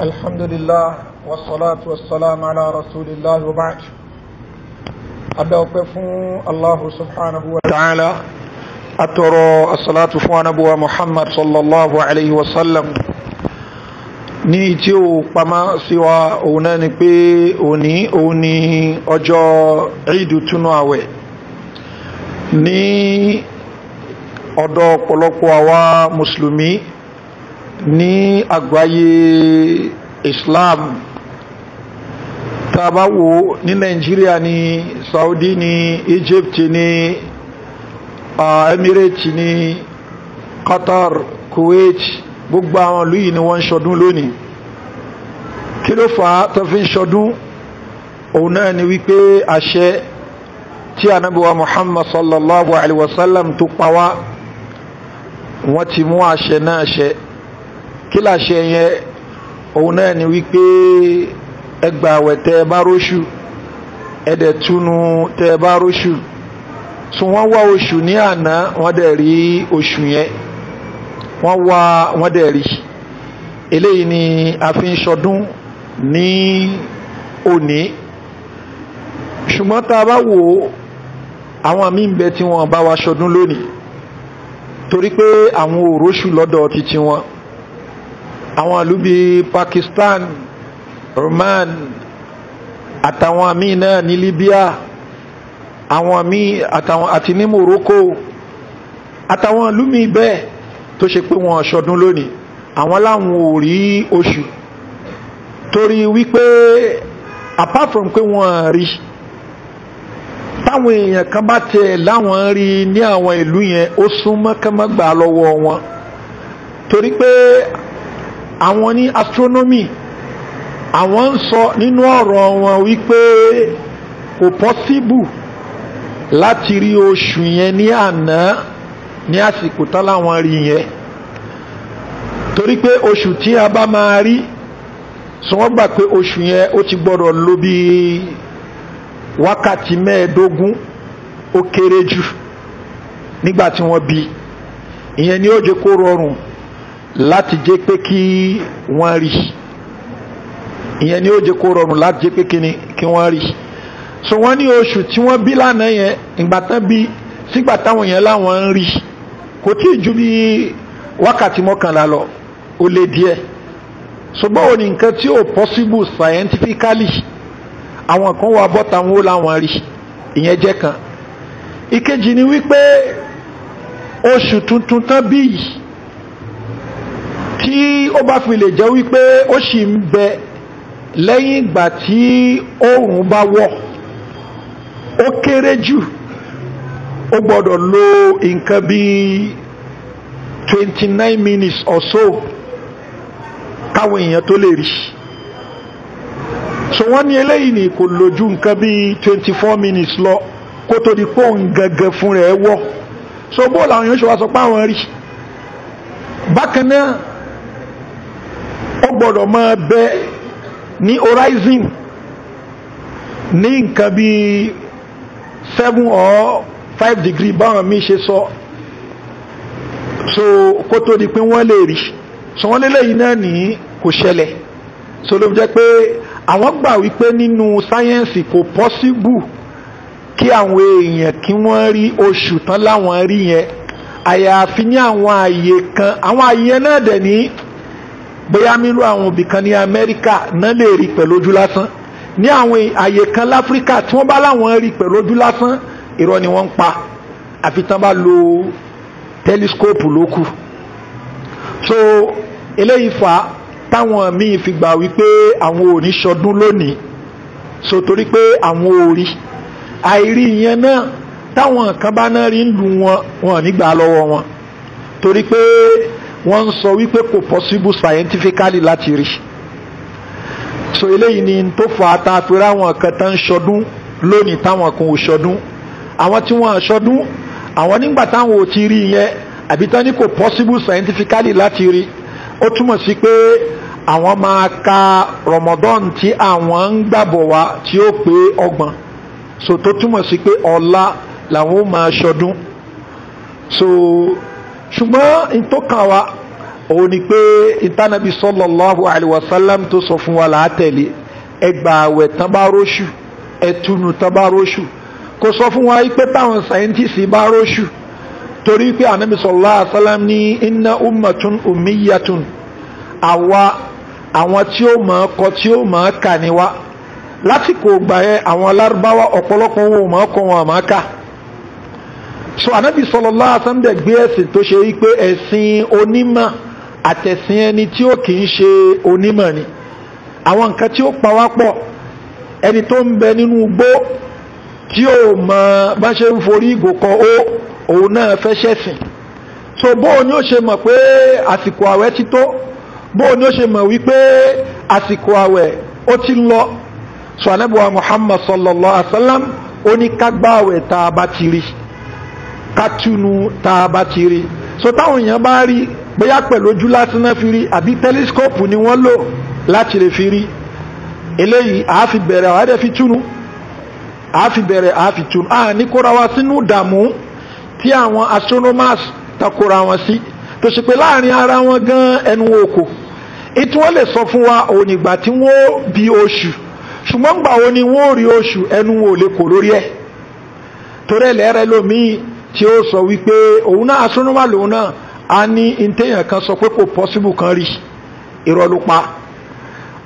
الحمد لله والصلاة والسلام على رسول الله وبعد أدوقف الله سبحانه وتعالى أترى الصلاة فوانبوى محمد صلى الله عليه وسلم ní tí ó pamá sí wa òun náà ni pé òní òun ni ọjọ́ ìdù ní àgbáyé Islam tá bá wò ní Nàìjíríà ní Saudi ní Egypt ní uh, Emirates ní Qatar Kuwait gbogbo àwọn ìlú yìí ni wọ́n ń ṣọdún lónìí kí ló fà á tó fi ń ṣọdún òun náà ni wípé àṣẹ tí anábíwá Muhammad sallallahu alaihi wasallam tó pa wá wọ́n ti mú àṣẹ náà ṣe. Kila làṣẹ yẹn òun náà ni wípé ẹgbà àwẹ̀ tẹ ẹ bá róṣù ẹdẹ túnú tẹ ẹ bá róṣù so wọ́n wá oṣù ní àná wọ́n dẹ̀ rí oṣù yẹn wọ́n wá wọ́n dẹ̀ rí eléyìí ni a fi ń ṣọdún ní òní ṣùgbọ́n tá a bá wò ó àwọn àmì ń bẹ tí wọ́n bá wa ṣọdún lónìí torí pé àwọn òróṣù lọ́dọ̀ ti tiwọn àwọn ìlú bíi Pakistan Roman, àtàwọn míì náà ní Libya àwọn míì àtàwọn àti ní Morocco àtàwọn ìlú míì bẹ́ẹ̀ tó ṣe pé wọn ṣọdún lónìí àwọn láwọn ò rí oṣù torí wípé apart from pé wọn rí táwọn èèyàn kan bá tẹ láwọn rí ní àwọn ìlú yẹn ó súnmọ́ kán má gbà lọ́wọ́ wọn torí pé àwọn ní astronomy àwọn ń sọ nínú ọ̀rọ̀ wọn wípé kò pọ́síbù láti rí oṣù yẹn ní àná ní àsìkò táláwọn rí yẹn torí pé oṣù tí a bá máa rí sọ gbà pé oṣù yẹn ó ti gbọ́dọ̀ lò bí wákàtí mẹ́ẹ̀ẹ́dógún ó kéré jù nígbà tí wọ́n bí ìyẹn ni ó jẹ́ kó rọrùn láti jẹ́ pé kí wọ́n rí ìyẹn ni ó jẹ́ kó rọrùn láti jẹ́ pé kí wọ́n rí so wọ́n ní oṣù tí wọ́n bí lánàá yẹn ìgbà tán bí sígbà táwọn yẹn láwọn ń rí kò tí ì ju bí wákàtí mọ́kànlá lọ ó lé díẹ̀ so báwo ni nǹkan tí ò possible scientifically àwọn kan wà bọ́ta wọn ó láwọn rí ìyẹn jẹ́ kan ìkejì ni wípé oṣù tuntun tán bí yìí tí ó bá fi lè jẹ́ wípé ó sì ń bẹ lẹ́yìn ìgbà tí oòrùn bá wọ̀ ó kéré jù ó gbọ́dọ̀ lo nǹkan bíi twenty minutes or so káwọn èèyàn tó lè rí so wọ́n ní eléyìí ni kò lójú nǹkan bíi twenty four minutes lọ kó tó di pé òun gangan fún rẹ̀ wọ̀ so bó làwọn èèyàn ṣe wá sọ pé àwọn rí bákan náà ó gbọ́dọ̀ máa bẹ ní horizon ní nǹkan bí seven or five degree báwọn mi ṣe sọ so kó tó di pé wọ́n lè rí so wọ́n lélẹ́yìn náà ní kò ṣẹlẹ̀ so ló jẹ́ pé àwọn gbà wípé nínú sáyẹ́ǹsì kò pọ́síbù kí àwọn èèyàn kí wọ́n rí oṣù tán láwọn rí yẹn àyàfi ní àwọn àyè kan àwọn àyè náà dẹ̀ ní bóyá nínú àwọn òbí kan ní amẹ́ríkà náà lè rí pẹ̀lú ojú lásán ní àwọn àyè kan láfíríkà tí wọ́n bá láwọn rí pẹ̀lú ojú lásán irọ́ ni wọ́n ń pa àfi tán bá lo tẹlifíṣkóòpù lókù so eléyìí fà á táwọn míì fi gbà wípé àwọn ò ní ṣọdún lónìí so torí pé àwọn ò rí àìrí ìyẹn náà táwọn kan bá náà rí ń lù wọn wọn ò ní gbà lọ́wọ́ wọn torí pé wọ́n ń sọ wípé kò possible scientifically láti rí so eléyìí ni tó fa àtàfẹ́rẹ́ àwọn kan tán ṣọdún lónìí táwọn kan ò ṣọdún àwọn tí wọ́n ṣọdún àwọn nígbà táwọn ò ti rí yẹn àbí tán ní kò possible scientifically láti rí ó túmọ̀ sí pé àwọn máa ka Ramadan tí àwọn ń gbàbọ̀ wá tí ó pé ọgbọ̀n so tó túmọ̀ sí pé ọ̀la làwọn ó máa ṣọdún so ṣùgbọ́n in tó kàn wá òun ni pé ìtànàbí sallallahu alaihi wasallam tó sọ fún wa látẹ̀lé ẹgbà àwẹ̀ tán bá róṣù ẹtùnù tán bá róṣù kò sọ fún wa pé táwọn sáyẹ́ntìsì bá róṣù torí pé ànábì sallallahu alaihi wasallam ní inna ummatun ummiyatun àwa àwọn tí ó mọ̀ kọ tí ó mọ̀ kà ní wa lásìkò gbà yẹn àwọn lárúbáwá ọ̀pọ̀lọpọ̀ wọn ò mọ̀ kọ wọn àmọ́ ká so anabi sallallahu alaihi wasallam gbé ẹ̀sìn tó ṣe wípé ẹ̀sìn onímọ̀ àtẹ̀sìn ẹni tí ó kì í ṣe onímọ̀ ni àwọn nǹkan tí ó pa ẹni tó ń bẹ nínú igbó tí ó mọ bá ṣe ń forí ìgò kan ó òun náà fẹ́ ṣẹ̀sìn so bóò ni ó ṣe mọ̀ pé àsìkò àwẹ̀ ti tó bóò ni ó ṣe mọ̀ wípé àsìkò àwẹ̀ ó ti lọ so anabi wa muhammad sallallahu alaihi wasallam ó ní ká gbààwẹ̀ tá a bá ti rí i kátúnu tá a bá ti rí so táwọn èèyàn bá rí bóyá pẹ̀lú ojú lásán náà fi rí àbí tẹlẹsikọ́pù ni wọ́n lò láti lè fi rí eléyìí àá fi bẹ̀rẹ̀ àá dẹ̀ túnu àá fi bẹ̀rẹ̀ àá fi túnu àá ní kóra wa sínú ìdààmú tí àwọn astronomers takora wọn sí tó ṣe pé láàrin ara wọn gan ẹnu òkò ètò wọn lè sọ fún wa òun ìgbà tí wọn ó bí oṣù ṣùgbọ́n gbà wo ni wọn ó rí oṣù ẹnu wọn ò lè kò lórí ẹ̀ torí ẹ̀ lẹ́rẹ̀ lómiì tí ó sọ wípé òun náà astronomer lòun náà a ní intéèyàn kan sọ pé kò possible kan rí irọ́ ló pa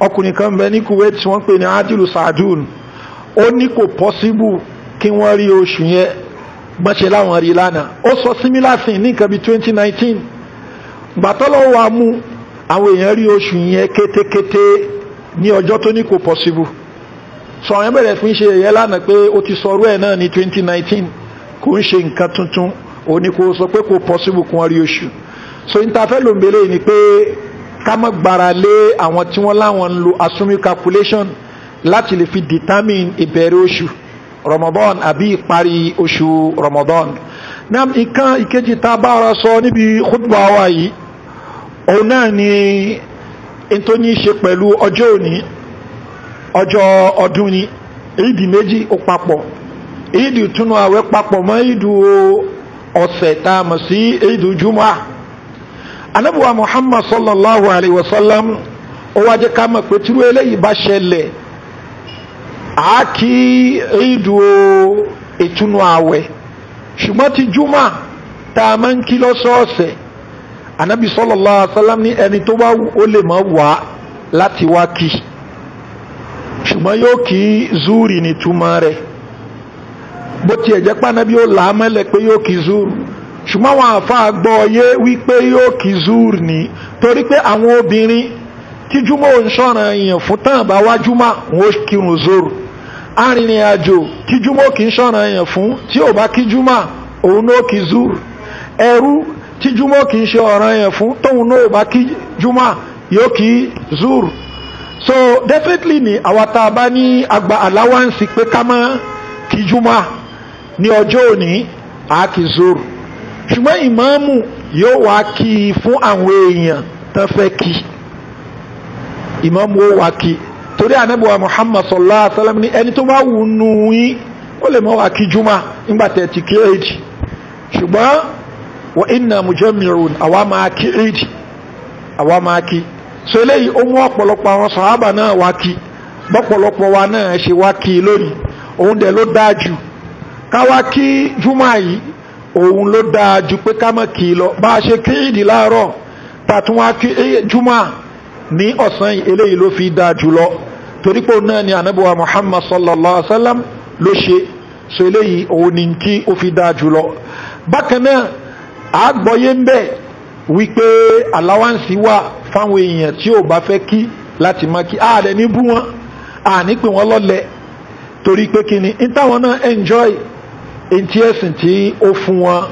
ọkùnrin kan bẹ ní Kuwait tí wọ́n pè ní adilu sadun ó ní kò possible kí wọ́n rí oṣù yẹn gbọ́nṣe láwọn rí lánàá ó sọ similar ní nǹkan bí 2019 gbàtọ́lọ́ wa mú àwọn èèyàn rí oṣù yẹn kétékété ní ọjọ́ tó ní kò possible sọ àwọn bẹ̀rẹ̀ fi ń ṣe ẹ̀yẹ lánàá pé ó ti sọrú ẹ̀ náà ní 2019 kò ń ṣe nǹkan tuntun òní kò sọ pé kò possible kún ọrí oṣù so interfere ló ń belé ni pé ká má gbára lé àwọn tí wọ́n láwọn ń lo assuming calculation láti lè fi determine ìbẹ̀rẹ̀ oṣù Ramadan àbí ìparí oṣù Ramadan na nǹkan ìkejì tá a bá ara sọ níbi khutbah wa yìí òun náà ni n tó ṣe pẹ̀lú ọjọ́ òní ọjọ́ ọdún ni ìdí méjì ó papọ̀ ìdù túnú àwẹ̀ papọ̀ mọ́ ìdù ọ̀sẹ̀ tá a mọ̀ sí ìdù muhammad sallallahu alayhi wa sallam ó wá jẹ́ ká mọ̀ pé tírú eléyìí bá ṣẹlẹ̀ á kí ìdù ìtúnú àwẹ̀ ṣùgbọ́n sallallahu alayhi wa sallam ni ẹni tó bá ó lè mọ̀ wá láti wá kí ṣùgbọ́n yóò kí zúrì bó tiẹ̀ jẹ́ pánábí ó là á mọ́lẹ̀ pé yóò kí zuru ṣùgbọ́n àwọn àfáà gbọ́ yé wípé yóò kí zuru ní torí pé àwọn obìnrin tí júmọ̀ ń ṣọ̀ràn èèyàn fún tán bá wá júmọ̀ wọn ó kírun zuru arìnrìn àjò kí júmọ̀ kì í ṣọ̀ràn èèyàn fún tí ò bá kí júmọ̀ òun ó kí zuru ẹrú tí júmọ̀ kì í ṣe ọ̀ràn èèyàn fún tóun náà ò bá kí júmọ̀ yóò kí zuru so definitely ni àwa tá a bá ní àgbà allowance pé ká má kí júmọ̀ ní ọjọ́ òní àákì zoro ṣùgbọ́n ìmáàmù yóò wá kí i fún àwọn èèyàn tán fẹ́ kí ìmáàmù ó wá kí torí anábìwá Muhammad sallallahu alaihi wa sallam ni ẹni tó bá wù nù yín ó lè mọ́ wá kí juma nígbà tẹ̀ ti kí èjì ṣùgbọ́n wa inna mujammirun àwa máa kí èjì àwa máa kí so eléyìí ó mú ọ̀pọ̀lọpọ̀ àwọn sàhábà náà wá kí bọ́pọ̀lọpọ̀ wa náà ṣe wá kí lónìí òun dẹ̀ ló dáa jù káwa kí júmọ́ yìí òun ló dáa ju pé ká má kí i lọ bá a ṣe kí ìdí láàárọ̀ tàtún wá kí júmọ́ ní ọ̀sán eléyìí ló fi dáa jùlọ torí pé òun náà ni anabuwa muhammad sallallahu alaihi wa sallam ló ṣe so eléyìí òun ni tí ó fi dáa jùlọ bákan náà àgbọ́yé ń bẹ wípé aláwáǹsì wà fáwọn èèyàn tí ò bá fẹ́ kí láti má kí ààrẹ ní bú wọn àní pé wọ́n lọ́lẹ̀ torí pé kí ní táwọn náà enjoy ntí ẹ̀sìn tí ó fún wọn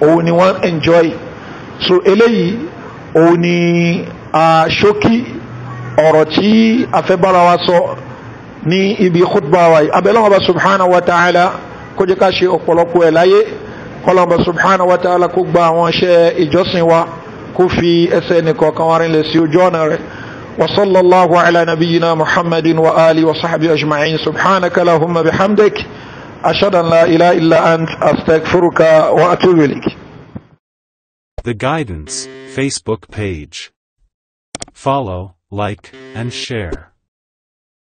òun ni wọ́n enjoy so eléyìí òun ni ṣókí ọ̀rọ̀ tí afẹ́bára wa sọ ní ibi khutba wa yìí abẹ́lẹ́ bá subhanahu wa ta'ala kó jẹ́ ká ṣe ọ̀pọ̀lọpọ̀ ẹ̀ láyé kọ́lọ́n bá subhanahu wa ta'ala kó gba àwọn iṣẹ́ ìjọsìn wa kó fi ẹsẹ̀ nìkọ̀ọ̀kan wa rinlẹ̀ sí ojú ọ̀nà rẹ̀ وصلى الله على نبينا محمد وآله وصحبه أجمعين سبحانك اللهم بحمدك أشهد أن لا إله إلا أنت أستغفرك وأتوب إليك The Guidance Facebook page. Follow, like, and share.